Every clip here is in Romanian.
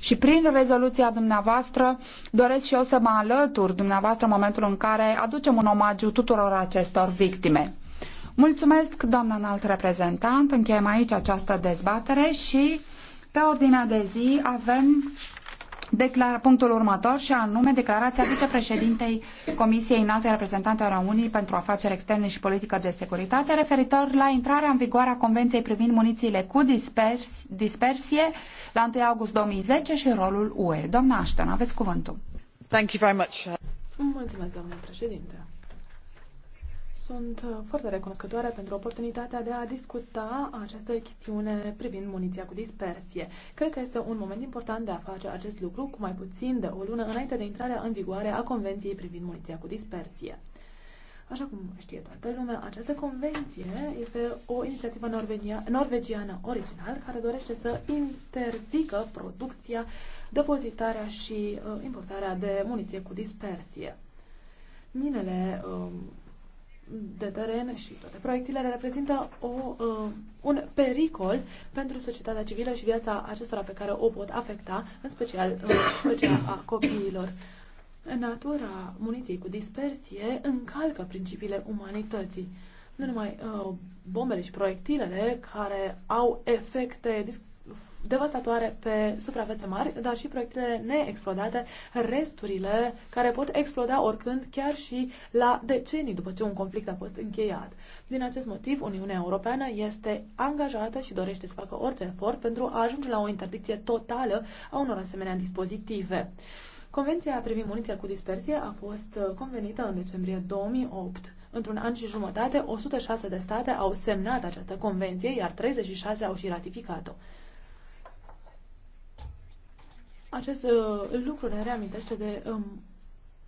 și prin rezoluția dumneavoastră doresc și eu să mă alătur dumneavoastră în momentul în care aducem un omagiu tuturor acestor victime. Mulțumesc, doamna înalt reprezentant, încheiem aici această dezbatere și pe ordinea de zi avem declar, punctul următor și anume declarația vicepreședintei Comisiei Înalte Reprezentante a Uniunii pentru Afaceri Externe și Politică de Securitate referitor la intrarea în vigoare a Convenției privind munițiile cu dispers, dispersie la 1 august 2010 și rolul UE. Doamna Ashton, aveți cuvântul. Thank you very much. Mulțumesc, doamnă președinte. Sunt uh, foarte recunoscătoare pentru oportunitatea de a discuta această chestiune privind muniția cu dispersie. Cred că este un moment important de a face acest lucru cu mai puțin de o lună înainte de intrarea în vigoare a Convenției privind muniția cu dispersie. Așa cum știe toată lumea, această convenție este o inițiativă norvegiană original care dorește să interzică producția, depozitarea și uh, importarea de muniție cu dispersie. Minele um, de teren și toate proiectile reprezintă o, uh, un pericol pentru societatea civilă și viața acestora pe care o pot afecta, în special în uh, special a copiilor. Natura muniției cu dispersie încalcă principiile umanității. Nu numai uh, bombele și proiectilele care au efecte devastatoare pe suprafețe mari, dar și proiectile neexplodate, resturile care pot exploda oricând, chiar și la decenii după ce un conflict a fost încheiat. Din acest motiv, Uniunea Europeană este angajată și dorește să facă orice efort pentru a ajunge la o interdicție totală a unor asemenea dispozitive. Convenția privind muniția cu dispersie a fost convenită în decembrie 2008. Într-un an și jumătate, 106 de state au semnat această convenție, iar 36 au și ratificat-o. Acest uh, lucru ne reamintește de um,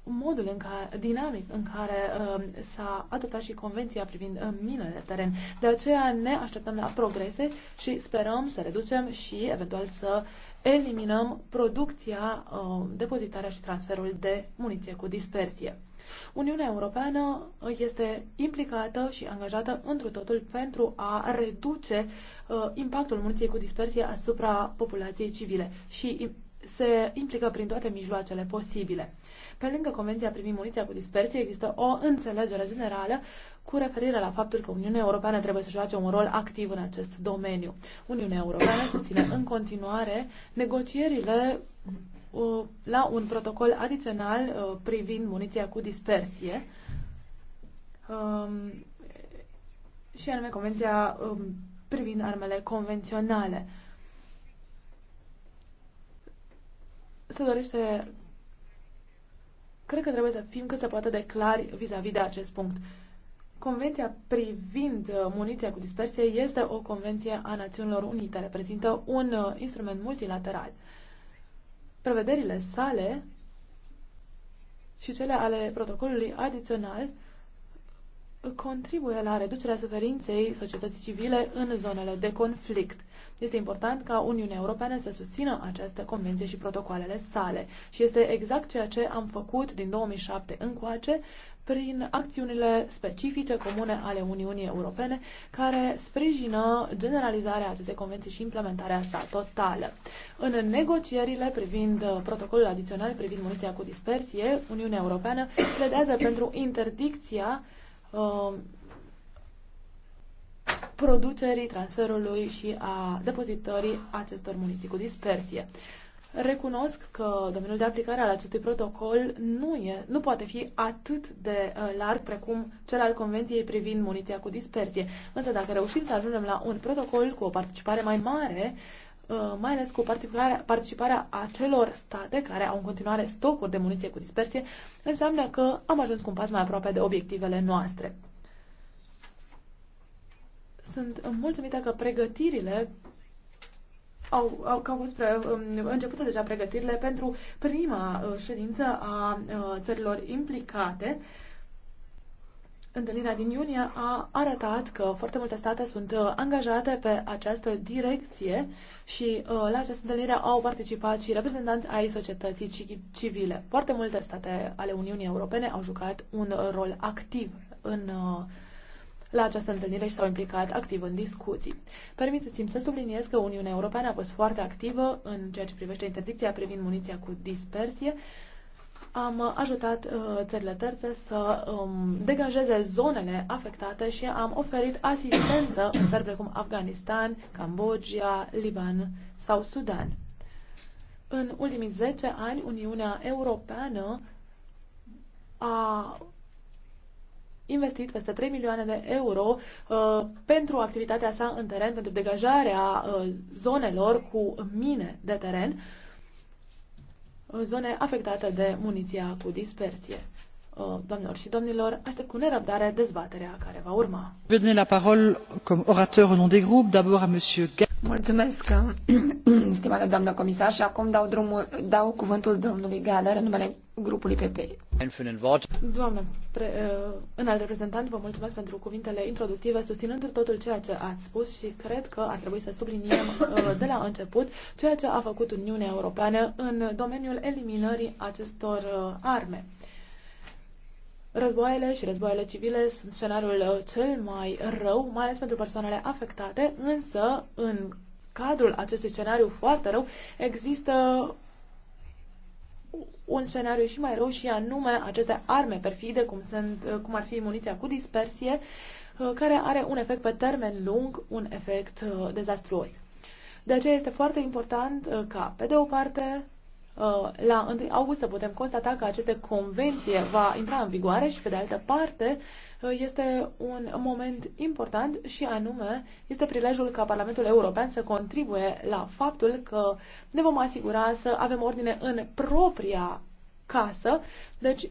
modul în care, dinamic în care um, s-a adoptat și convenția privind um, minele de teren. De aceea ne așteptăm la progrese și sperăm să reducem și eventual să eliminăm producția, um, depozitarea și transferul de muniție cu dispersie. Uniunea Europeană este implicată și angajată întru totul pentru a reduce uh, impactul muniției cu dispersie asupra populației civile și se implică prin toate mijloacele posibile. Pe lângă Convenția privind muniția cu dispersie, există o înțelegere generală cu referire la faptul că Uniunea Europeană trebuie să joace un rol activ în acest domeniu. Uniunea Europeană susține în continuare negocierile uh, la un protocol adițional uh, privind muniția cu dispersie um, și anume Convenția um, privind armele convenționale. se dorește cred că trebuie să fim cât se poate de clari vis-a-vis de acest punct. Convenția privind uh, muniția cu dispersie este o convenție a Națiunilor Unite, reprezintă un uh, instrument multilateral. Prevederile sale și cele ale protocolului adițional contribuie la reducerea suferinței societății civile în zonele de conflict. Este important ca Uniunea Europeană să susțină această convenție și protocoalele sale și este exact ceea ce am făcut din 2007 încoace prin acțiunile specifice comune ale Uniunii Europene care sprijină generalizarea acestei convenții și implementarea sa totală. În negocierile privind uh, protocolul adițional privind muniția cu dispersie, Uniunea Europeană pledează pentru interdicția Um, producerii, transferului și a depozitării acestor muniții cu dispersie. Recunosc că domeniul de aplicare al acestui protocol nu, e, nu poate fi atât de uh, larg precum cel al Convenției privind muniția cu dispersie. Însă dacă reușim să ajungem la un protocol cu o participare mai mare Uh, mai ales cu participarea acelor state care au în continuare stocuri de muniție cu dispersie, înseamnă că am ajuns cu un pas mai aproape de obiectivele noastre. Sunt mulțumită că pregătirile au, au, că au fost pre, um, începute deja pregătirile pentru prima uh, ședință a uh, țărilor implicate Întâlnirea din iunie a arătat că foarte multe state sunt uh, angajate pe această direcție și uh, la această întâlnire au participat și reprezentanți ai societății civile. Foarte multe state ale Uniunii Europene au jucat un rol activ în uh, la această întâlnire și s-au implicat activ în discuții. Permiteți-mi să subliniez că Uniunea Europeană a fost foarte activă în ceea ce privește interdicția privind muniția cu dispersie, am ajutat uh, țările terțe să um, degajeze zonele afectate și am oferit asistență în țări precum Afganistan, Cambodgia, Liban sau Sudan. În ultimii 10 ani, Uniunea Europeană a investit peste 3 milioane de euro uh, pentru activitatea sa în teren, pentru degajarea uh, zonelor cu mine de teren. Uh, Uh, zone afectate de muniția cu dispersie. Uh, doamnelor și domnilor, aștept cu nerăbdare dezbaterea care va urma. la parole comme orateur au nom des groupes, d'abord à monsieur Mulțumesc, stimată doamnă comisar, și acum dau, drumul, dau cuvântul domnului Galer în numele grupului PP. Doamnă, pre, uh, înalt reprezentant, vă mulțumesc pentru cuvintele introductive, susținând totul ceea ce ați spus și cred că ar trebui să subliniem uh, de la început ceea ce a făcut Uniunea Europeană în domeniul eliminării acestor uh, arme. Războaiele și războaiele civile sunt scenariul uh, cel mai rău, mai ales pentru persoanele afectate, însă în cadrul acestui scenariu foarte rău există un scenariu și mai rău și anume aceste arme perfide, cum, sunt, uh, cum ar fi muniția cu dispersie, uh, care are un efect pe termen lung, un efect dezastruos. De aceea este foarte important ca, pe de o parte, Uh, la 1 august să putem constata că aceste convenție va intra în vigoare și, pe de altă parte, uh, este un moment important și anume este prilejul ca Parlamentul European să contribuie la faptul că ne vom asigura să avem ordine în propria casă, deci uh,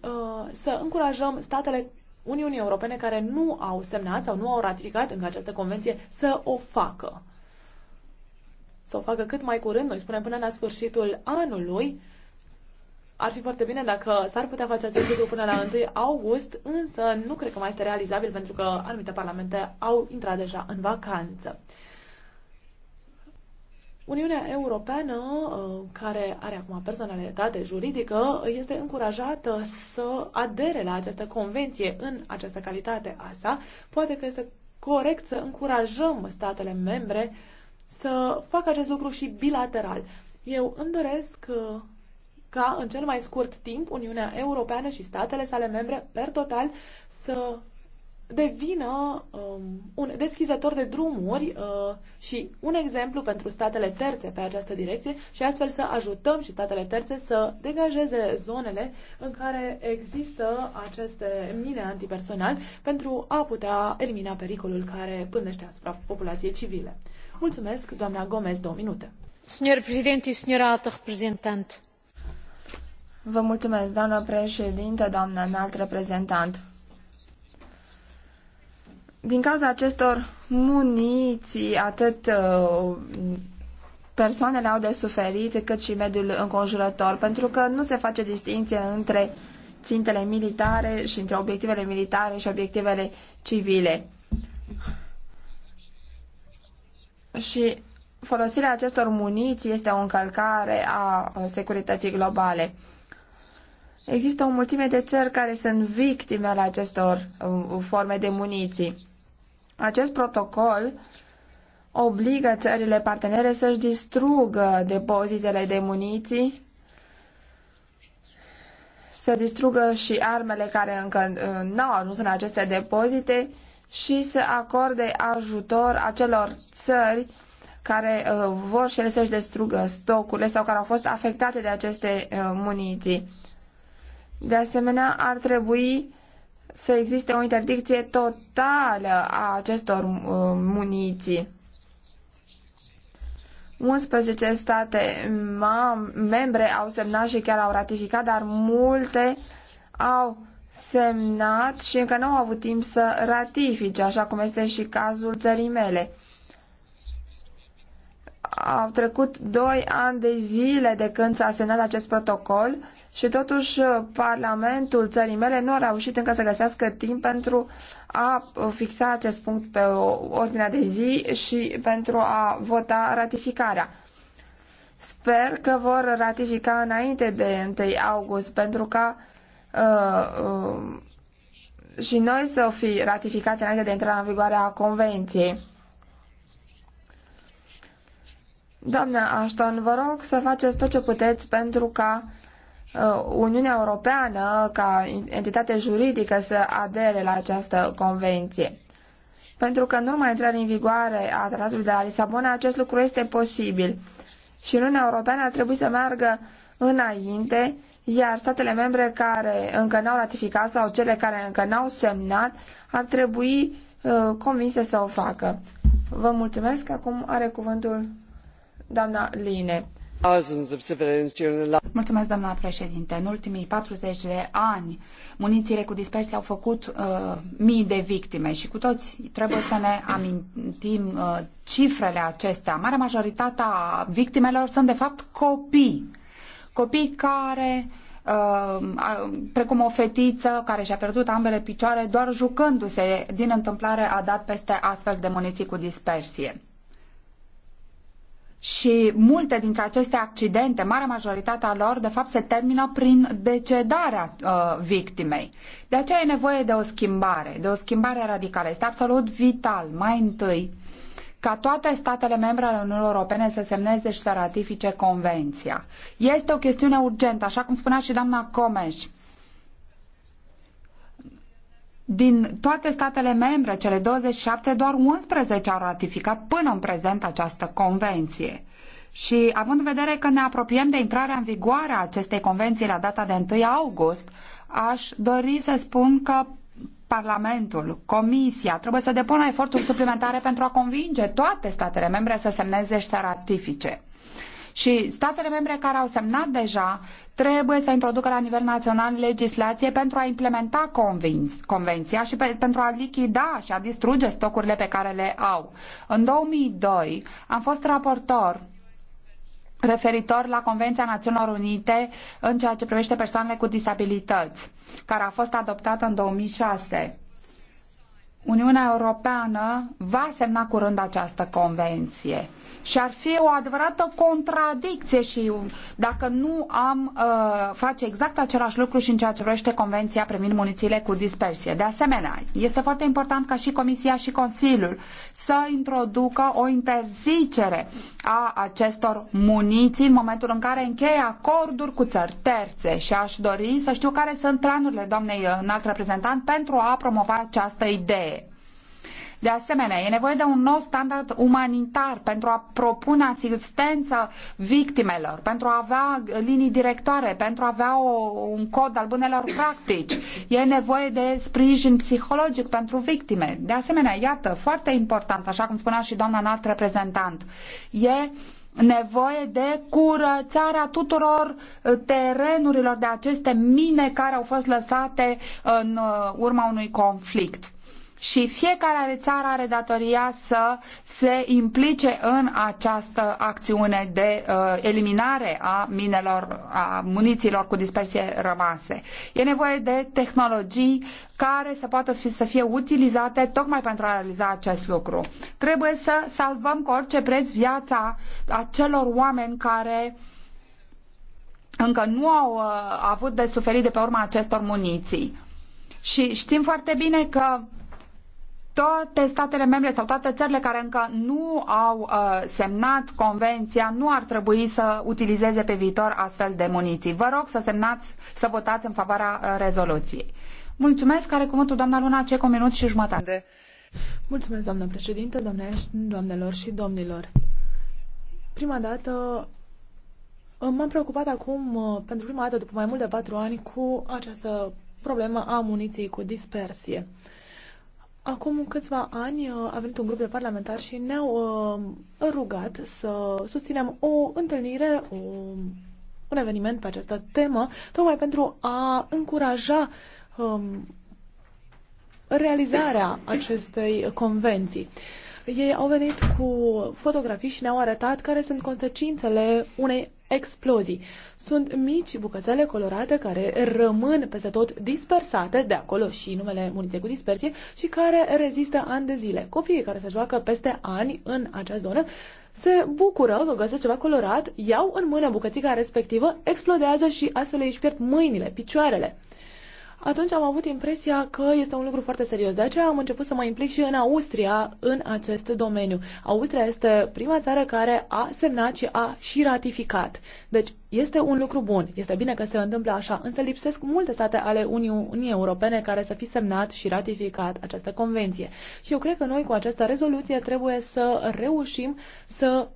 să încurajăm statele Uniunii Europene care nu au semnat sau nu au ratificat încă această convenție să o facă să o facă cât mai curând, noi spunem până la sfârșitul anului. Ar fi foarte bine dacă s-ar putea face acest lucru până la 1 august, însă nu cred că mai este realizabil pentru că anumite parlamente au intrat deja în vacanță. Uniunea Europeană, uh, care are acum personalitate juridică, este încurajată să adere la această convenție în această calitate a sa. Poate că este corect să încurajăm statele membre uh, să facă acest lucru și bilateral. Eu îmi doresc uh, ca în cel mai scurt timp Uniunea Europeană și statele sale membre, per total, să devină um, un deschizător de drumuri uh, și un exemplu pentru statele terțe pe această direcție și astfel să ajutăm și statele terțe să degajeze zonele în care există aceste mine antipersonal pentru a putea elimina pericolul care pândește asupra populației civile. Mulțumesc, doamna Gomez, două minute. Signor președinte, signora alta reprezentant. Vă mulțumesc, doamnă președinte, doamnă înalt reprezentant. Din cauza acestor muniții, atât uh, persoanele au de suferit, cât și mediul înconjurător, pentru că nu se face distinție între țintele militare și între obiectivele militare și obiectivele civile. și folosirea acestor muniții este o încălcare a securității globale. Există o mulțime de țări care sunt victime ale acestor uh, forme de muniții. Acest protocol obligă țările partenere să-și distrugă depozitele de muniții, să distrugă și armele care încă uh, nu au ajuns în aceste depozite și să acorde ajutor acelor țări care uh, vor și ele să-și destrugă stocurile sau care au fost afectate de aceste uh, muniții. De asemenea, ar trebui să existe o interdicție totală a acestor uh, muniții. 11 state membre au semnat și chiar au ratificat, dar multe au semnat și încă nu au avut timp să ratifice, așa cum este și cazul țării mele. Au trecut doi ani de zile de când s-a semnat acest protocol și totuși Parlamentul țării mele nu a reușit încă să găsească timp pentru a fixa acest punct pe ordinea de zi și pentru a vota ratificarea. Sper că vor ratifica înainte de 1 august pentru ca Uh, uh, și noi să fi ratificate înainte de intrarea în vigoare a Convenției. Doamna Ashton, vă rog să faceți tot ce puteți pentru ca uh, Uniunea Europeană, ca entitate juridică, să adere la această convenție. Pentru că în urma intrării în vigoare a tratatului de la Lisabona, acest lucru este posibil. Și Uniunea Europeană ar trebui să meargă înainte iar statele membre care încă n-au ratificat sau cele care încă n-au semnat ar trebui uh, convinse să o facă. Vă mulțumesc. Acum are cuvântul doamna Line. Mulțumesc, doamna președinte. În ultimii 40 de ani, munițiile cu dispersie au făcut uh, mii de victime și cu toți trebuie să ne amintim uh, cifrele acestea. Marea majoritatea victimelor sunt, de fapt, copii Copii care, uh, precum o fetiță care și-a pierdut ambele picioare doar jucându-se, din întâmplare a dat peste astfel de muniții cu dispersie. Și multe dintre aceste accidente, marea majoritatea lor, de fapt, se termină prin decedarea uh, victimei. De aceea e nevoie de o schimbare, de o schimbare radicală. Este absolut vital, mai întâi, uh, ca toate statele membre ale Uniunii Europene să semneze și să ratifice convenția. Este o chestiune urgentă, așa cum spunea și doamna Comeș. Din toate statele membre, cele 27, doar 11 au ratificat până în prezent această convenție. Și având în vedere că ne apropiem de intrarea în vigoare a acestei convenții la data de 1 august, aș dori să spun că Parlamentul, Comisia trebuie să depună eforturi suplimentare pentru a convinge toate statele membre să semneze și să ratifice. Și statele membre care au semnat deja trebuie să introducă la nivel național legislație pentru a implementa convenția și pe, pentru a lichida și a distruge stocurile pe care le au. În 2002 am fost raportor referitor la Convenția Națiunilor Unite în ceea ce privește persoanele cu disabilități care a fost adoptată în 2006. Uniunea Europeană va semna curând această convenție. Și ar fi o adevărată contradicție și dacă nu am uh, face exact același lucru și în ceea ce privește Convenția privind munițiile cu dispersie. De asemenea, este foarte important ca și Comisia și Consiliul să introducă o interzicere a acestor muniții în momentul în care încheie acorduri cu țări terțe și aș dori să știu care sunt planurile doamnei înalt reprezentant pentru a promova această idee. De asemenea, e nevoie de un nou standard umanitar pentru a propune asistență victimelor, pentru a avea linii directoare, pentru a avea o, un cod al bunelor practici. E nevoie de sprijin psihologic pentru victime. De asemenea, iată, foarte important, așa cum spunea și doamna înalt reprezentant, e nevoie de curățarea tuturor uh, terenurilor de aceste mine care au fost lăsate în uh, urma unui conflict și fiecare țară are datoria să se implice în această acțiune de uh, eliminare a minelor, a munițiilor cu dispersie rămase. E nevoie de tehnologii care să poată fi, să fie utilizate tocmai pentru a realiza acest lucru. Trebuie să salvăm cu orice preț viața acelor oameni care încă nu au uh, avut de suferit de pe urma acestor muniții. Și știm foarte bine că toate statele membre sau toate țările care încă nu au uh, semnat convenția nu ar trebui să utilizeze pe viitor astfel de muniții. Vă rog să semnați, să votați în favoarea uh, rezoluției. Mulțumesc, are cuvântul doamna Luna, ce cu minut și jumătate. Mulțumesc, doamnă președinte, doamne, doamnelor și domnilor. Prima dată uh, m-am preocupat acum, uh, pentru prima dată după mai mult de patru ani, cu această problemă a muniției cu dispersie. Uh, Acum câțiva ani uh, a venit un grup de parlamentari și ne-au uh, rugat să susținem o întâlnire, o, un eveniment pe această temă, tocmai pentru a încuraja um, realizarea acestei convenții. Ei au venit cu fotografii și ne-au arătat care sunt consecințele unei explozii. Sunt mici bucățele colorate care rămân peste tot dispersate, de acolo și numele muniție cu dispersie, și care rezistă ani de zile. Copiii care se joacă peste ani în acea zonă se bucură că găsesc ceva colorat, iau în mână bucățica respectivă, explodează și astfel își pierd mâinile, picioarele atunci am avut impresia că este un lucru foarte serios. De aceea am început să mă implic și în Austria în acest domeniu. Austria este prima țară care a semnat și a și ratificat. Deci este un lucru bun. Este bine că se întâmplă așa, însă lipsesc multe state ale Uniunii Europene care să fi semnat și ratificat această convenție. Și eu cred că noi cu această rezoluție trebuie să reușim să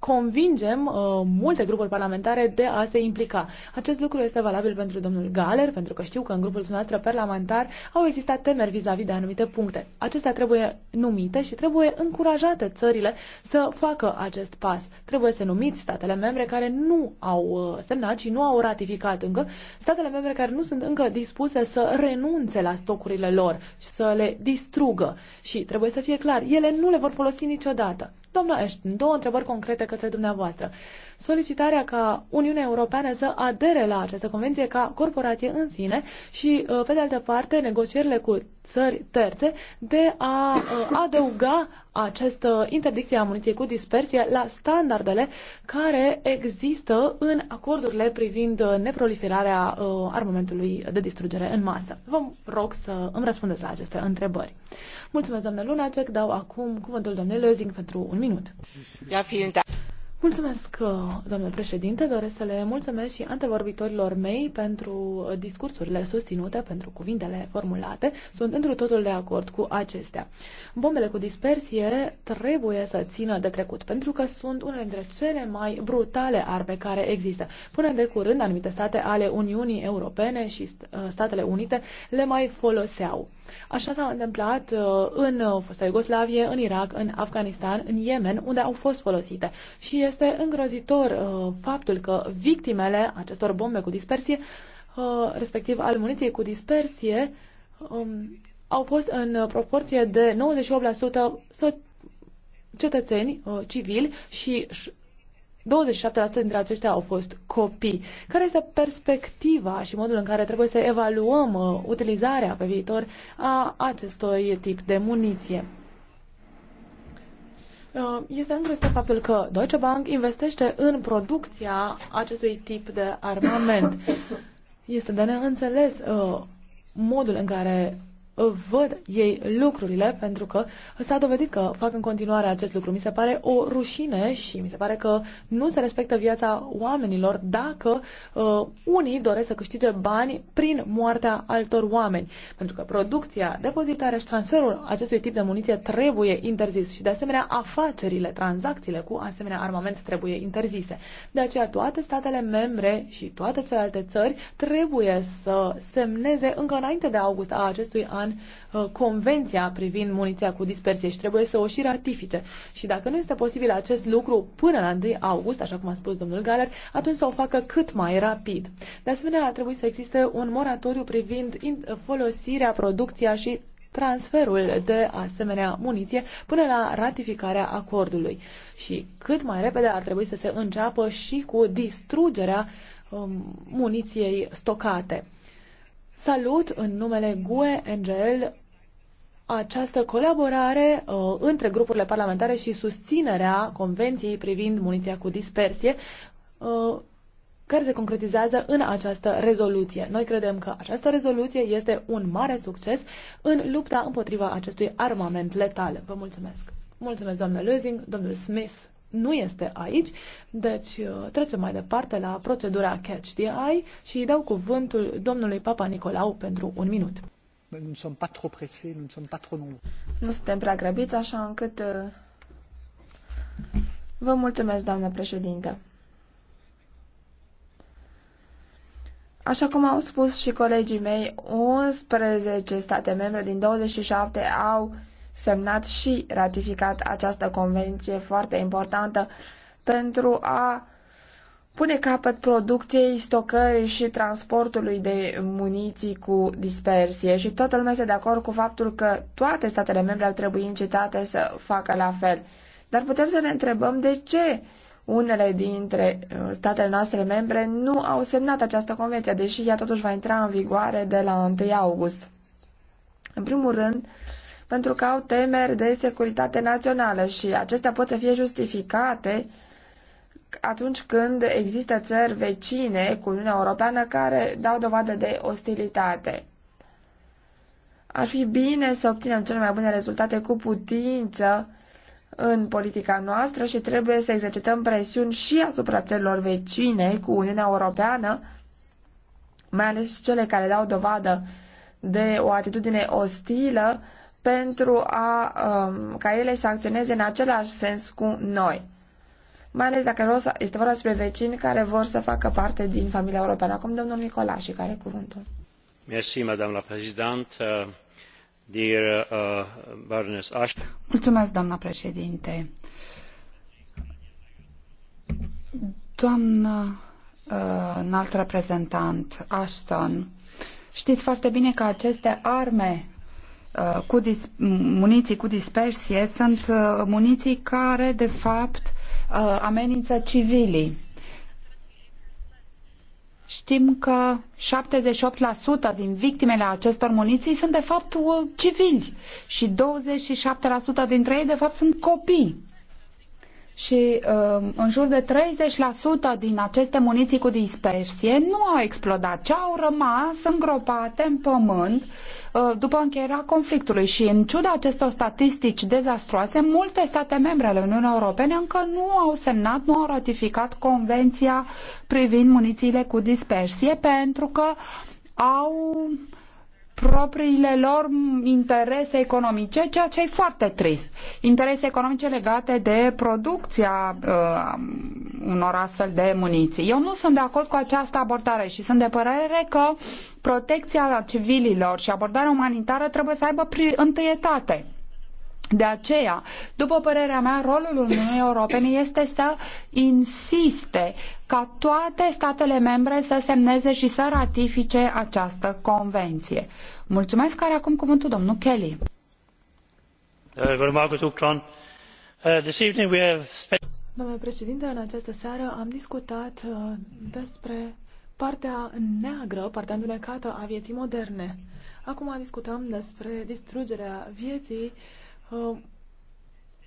convingem uh, multe grupuri parlamentare de a se implica. Acest lucru este valabil pentru domnul Galer, pentru că știu că în grupul dumneavoastră parlamentar au existat temeri vis-a-vis -vis de anumite puncte. Acestea trebuie numite și trebuie încurajate țările să facă acest pas. Trebuie să numiți statele membre care nu au uh, semnat și nu au ratificat încă, statele membre care nu sunt încă dispuse să renunțe la stocurile lor și să le distrugă. Și trebuie să fie clar, ele nu le vor folosi niciodată. Domnul Ashton, două întrebări concrete către dumneavoastră solicitarea ca Uniunea Europeană să adere la această convenție ca corporație în sine și, uh, pe de altă parte, negocierile cu țări terțe de a uh, adăuga această interdicție a muniției cu dispersie la standardele care există în acordurile privind uh, neproliferarea armamentului de distrugere în masă. Vă rog să îmi răspundeți la aceste întrebări. Mulțumesc, doamnă Lunacek. Dau acum cuvântul domnului Lözing pentru un minut. Ja, vielen Dank. Mulțumesc, uh, domnule președinte. Doresc să le mulțumesc și antevorbitorilor mei pentru discursurile susținute, pentru cuvintele formulate. Sunt într totul de acord cu acestea. Bombele cu dispersie trebuie să țină de trecut, pentru că sunt unele dintre cele mai brutale arme care există. Până de curând, anumite state ale Uniunii Europene și uh, Statele Unite le mai foloseau. Așa s-a întâmplat uh, în uh, fosta Iugoslavie, în Irak, în Afganistan, în Yemen, unde au fost folosite. Și este îngrozitor uh, faptul că victimele acestor bombe cu dispersie, respectiv al muniției cu dispersie, um, au fost în proporție de 98% cetățeni civili și 27% dintre aceștia au fost copii. Care este perspectiva și modul în care trebuie să evaluăm uh, utilizarea pe viitor a acestui tip de muniție? Uh, este îngrestor faptul că Deutsche Bank investește în producția acestui tip de armament. Este de neînțeles uh, modul în care văd ei lucrurile, pentru că s-a dovedit că fac în continuare acest lucru. Mi se pare o rușine și mi se pare că nu se respectă viața oamenilor dacă uh, unii doresc să câștige bani prin moartea altor oameni. Pentru că producția, depozitarea și transferul acestui tip de muniție trebuie interzis și de asemenea afacerile, tranzacțiile cu asemenea armament trebuie interzise. De aceea toate statele membre și toate celelalte țări trebuie să semneze încă înainte de august a acestui an an uh, convenția privind muniția cu dispersie și trebuie să o și ratifice. Și dacă nu este posibil acest lucru până la 1 august, așa cum a spus domnul Galer, atunci să o facă cât mai rapid. De asemenea, ar trebui să existe un moratoriu privind folosirea, producția și transferul de asemenea muniție până la ratificarea acordului. Și cât mai repede ar trebui să se înceapă și cu distrugerea um, muniției stocate. Salut în numele GUE NGL această colaborare uh, între grupurile parlamentare și susținerea Convenției privind muniția cu dispersie, uh, care se concretizează în această rezoluție. Noi credem că această rezoluție este un mare succes în lupta împotriva acestui armament letal. Vă mulțumesc! Mulțumesc, doamnă Lözing, domnul Smith nu este aici, deci uh, trecem mai departe la procedura Catch the Eye și îi dau cuvântul domnului Papa Nicolau pentru un minut. Nu suntem prea grăbiți, așa încât... Uh, vă mulțumesc, doamnă președinte. Așa cum au spus și colegii mei, 11 state membre din 27 au semnat și ratificat această convenție foarte importantă pentru a pune capăt producției, stocării și transportului de muniții cu dispersie și toată lumea este de acord cu faptul că toate statele membre ar trebui incitate să facă la fel. Dar putem să ne întrebăm de ce unele dintre uh, statele noastre membre nu au semnat această convenție, deși ea totuși va intra în vigoare de la 1 august. În primul rând, pentru că au temeri de securitate națională și acestea pot să fie justificate atunci când există țări vecine cu Uniunea Europeană care dau dovadă de ostilitate. Ar fi bine să obținem cele mai bune rezultate cu putință în politica noastră și trebuie să exercităm presiuni și asupra țărilor vecine cu Uniunea Europeană, mai ales cele care dau dovadă de o atitudine ostilă pentru a, um, ca ele să acționeze în același sens cu noi. Mai ales dacă este vorba despre vecini care vor să facă parte din familia europeană. Acum domnul Nicolași care are cuvântul. Uh, dear, uh, Baroness Mulțumesc, doamna președinte. Doamnă uh, înalt reprezentant Ashton, știți foarte bine că aceste arme Uh, cu dis- muniții cu dispersie sunt uh, muniții care, de fapt, uh, amenință civilii. Știm că 78% din victimele acestor muniții sunt, de fapt, civili și 27% dintre ei, de fapt, sunt copii și uh, în jur de 30% din aceste muniții cu dispersie nu au explodat, ci au rămas îngropate în pământ uh, după încheierea conflictului și în ciuda acestor statistici dezastroase, multe state membre ale Uniunii Europene încă nu au semnat, nu au ratificat convenția privind munițiile cu dispersie pentru că au propriile lor interese economice, ceea ce e foarte trist. Interese economice legate de producția uh, unor astfel de muniții. Eu nu sunt de acord cu această abordare și sunt de părere că protecția civililor și abordarea umanitară trebuie să aibă întâietate. De aceea, după părerea mea, rolul Uniunii Europene este să insiste ca toate statele membre să semneze și să ratifice această convenție. Mulțumesc, care acum cuvântul domnul Kelly. Domnule președinte, în această seară am discutat uh, despre partea neagră, partea întunecată a vieții moderne. Acum discutăm despre distrugerea vieții uh,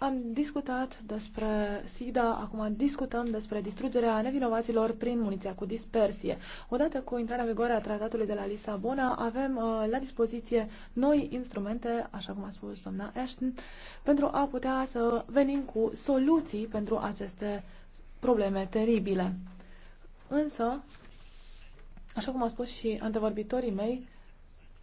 am discutat despre SIDA, acum discutăm despre distrugerea nevinovaților prin muniția cu dispersie. Odată cu intrarea în vigoare a tratatului de la Lisabona, avem uh, la dispoziție noi instrumente, așa cum a spus doamna Ashton, pentru a putea să venim cu soluții pentru aceste probleme teribile. Însă, așa cum a spus și antevorbitorii mei,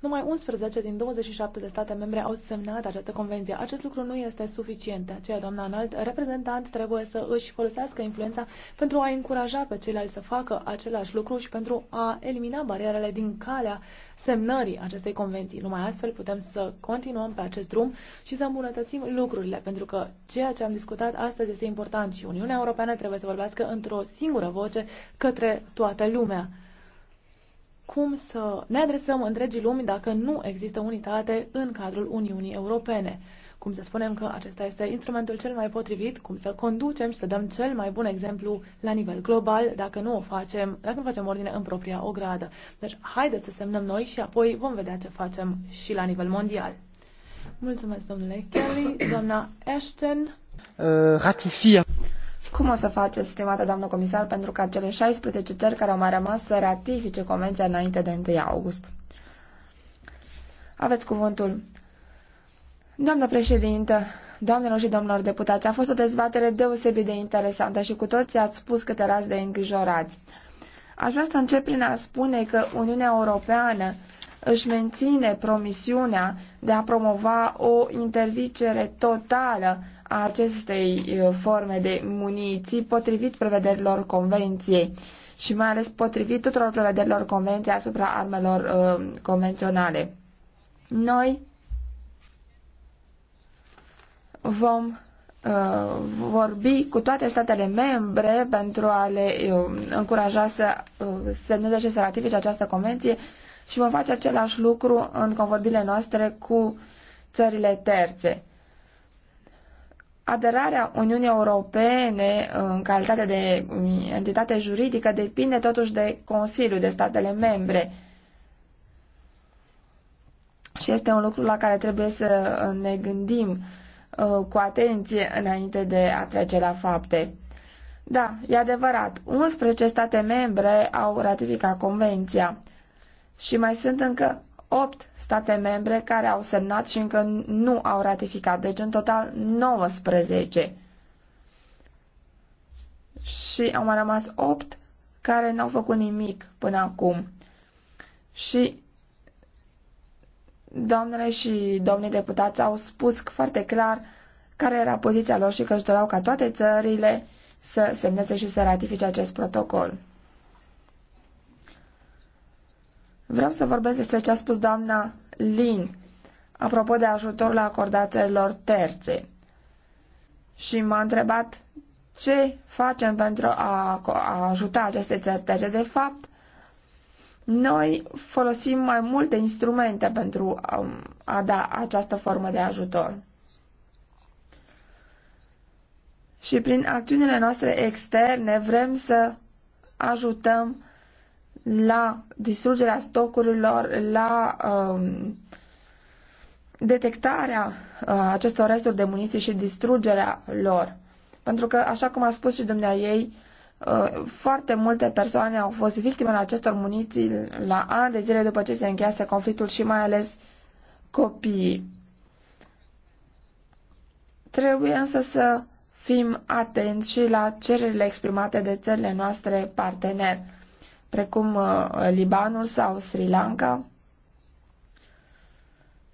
numai 11 din 27 de state membre au semnat această convenție. Acest lucru nu este suficient. De aceea, doamna înalt, reprezentant trebuie să își folosească influența pentru a încuraja pe ceilalți să facă același lucru și pentru a elimina barierele din calea semnării acestei convenții. Numai astfel putem să continuăm pe acest drum și să îmbunătățim lucrurile, pentru că ceea ce am discutat astăzi este important și Uniunea Europeană trebuie să vorbească într-o singură voce către toată lumea cum să ne adresăm întregii lumi dacă nu există unitate în cadrul Uniunii Europene. Cum să spunem că acesta este instrumentul cel mai potrivit, cum să conducem și să dăm cel mai bun exemplu la nivel global, dacă nu o facem, dacă nu facem ordine în propria ogradă. Deci haideți să semnăm noi și apoi vom vedea ce facem și la nivel mondial. Mulțumesc, domnule Kelly, doamna Ashton. Uh, ratifia. Cum o să faceți, stimată doamnă comisar, pentru ca cele 16 țări care au mai rămas să ratifice convenția înainte de 1 august? Aveți cuvântul. Doamnă președintă, doamnelor și domnilor deputați, a fost o dezbatere deosebit de interesantă și cu toții ați spus câte rați de îngrijorați. Aș vrea să încep prin a spune că Uniunea Europeană își menține promisiunea de a promova o interzicere totală acestei uh, forme de muniții potrivit prevederilor convenției și mai ales potrivit tuturor prevederilor convenției asupra armelor uh, convenționale. Noi vom uh, vorbi cu toate statele membre pentru a le uh, încuraja să uh, semneze și să ratifice această convenție și vom face același lucru în convorbirile noastre cu țările terțe. Aderarea Uniunii Europene în calitate de um, entitate juridică depinde totuși de Consiliul de statele membre și este un lucru la care trebuie să ne gândim uh, cu atenție înainte de a trece la fapte. Da, e adevărat, 11 state membre au ratificat convenția și mai sunt încă 8 state membre care au semnat și încă nu au ratificat, deci în total 19. Și au mai rămas 8 care n-au făcut nimic până acum. Și doamnele și domnii deputați au spus foarte clar care era poziția lor și că își doreau ca toate țările să semneze și să ratifice acest protocol. Vreau să vorbesc despre ce a spus doamna Lin apropo de ajutorul acordat țărilor terțe. Și m-a întrebat ce facem pentru a, a ajuta aceste țări terțe. De fapt, noi folosim mai multe instrumente pentru a, um, a da această formă de ajutor. Și prin acțiunile noastre externe vrem să ajutăm la distrugerea stocurilor, la um, detectarea uh, acestor resturi de muniții și distrugerea lor. Pentru că, așa cum a spus și dumnea ei, uh, foarte multe persoane au fost victime la acestor muniții la ani de zile după ce se încheiase conflictul și mai ales copiii. Trebuie însă să fim atenți și la cererile exprimate de țările noastre parteneri precum uh, Libanul sau Sri Lanka.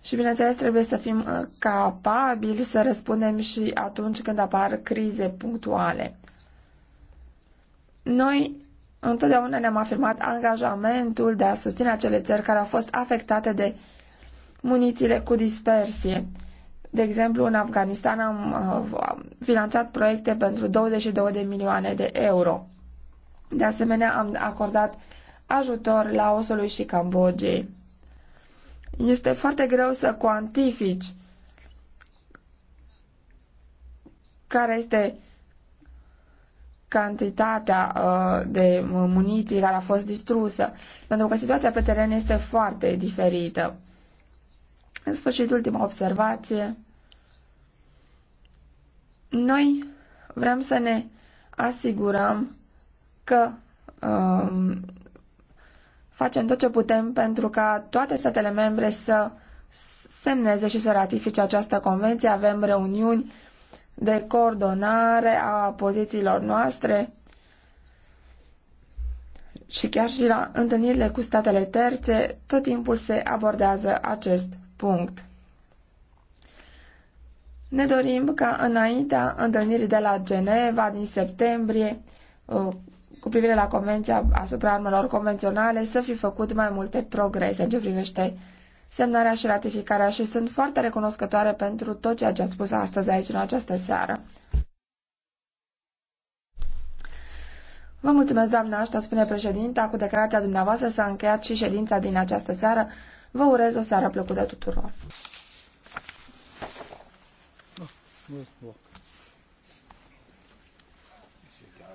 Și bineînțeles trebuie să fim uh, capabili să răspundem și atunci când apar crize punctuale. Noi întotdeauna ne-am afirmat angajamentul de a susține acele țări care au fost afectate de munițiile cu dispersie. De exemplu, în Afganistan am uh, finanțat proiecte pentru 22 de milioane de euro. De asemenea, am acordat ajutor Laosului și Cambogiei. Este foarte greu să cuantifici care este cantitatea uh, de muniții care a fost distrusă, pentru că situația pe teren este foarte diferită. În sfârșit, ultima observație. Noi vrem să ne asigurăm că um, facem tot ce putem pentru ca toate statele membre să semneze și să ratifice această convenție. Avem reuniuni de coordonare a pozițiilor noastre și chiar și la întâlnirile cu statele terțe, tot timpul se abordează acest punct. Ne dorim ca înaintea întâlnirii de la Geneva din septembrie, uh, cu privire la Convenția asupra armelor convenționale să fi făcut mai multe progrese în ce privește semnarea și ratificarea și sunt foarte recunoscătoare pentru tot ceea ce ați spus astăzi aici în această seară. Vă mulțumesc, doamna Așta, spune președinta. Cu declarația dumneavoastră s-a încheiat și ședința din această seară. Vă urez o seară plăcută tuturor. Oh, oh, oh.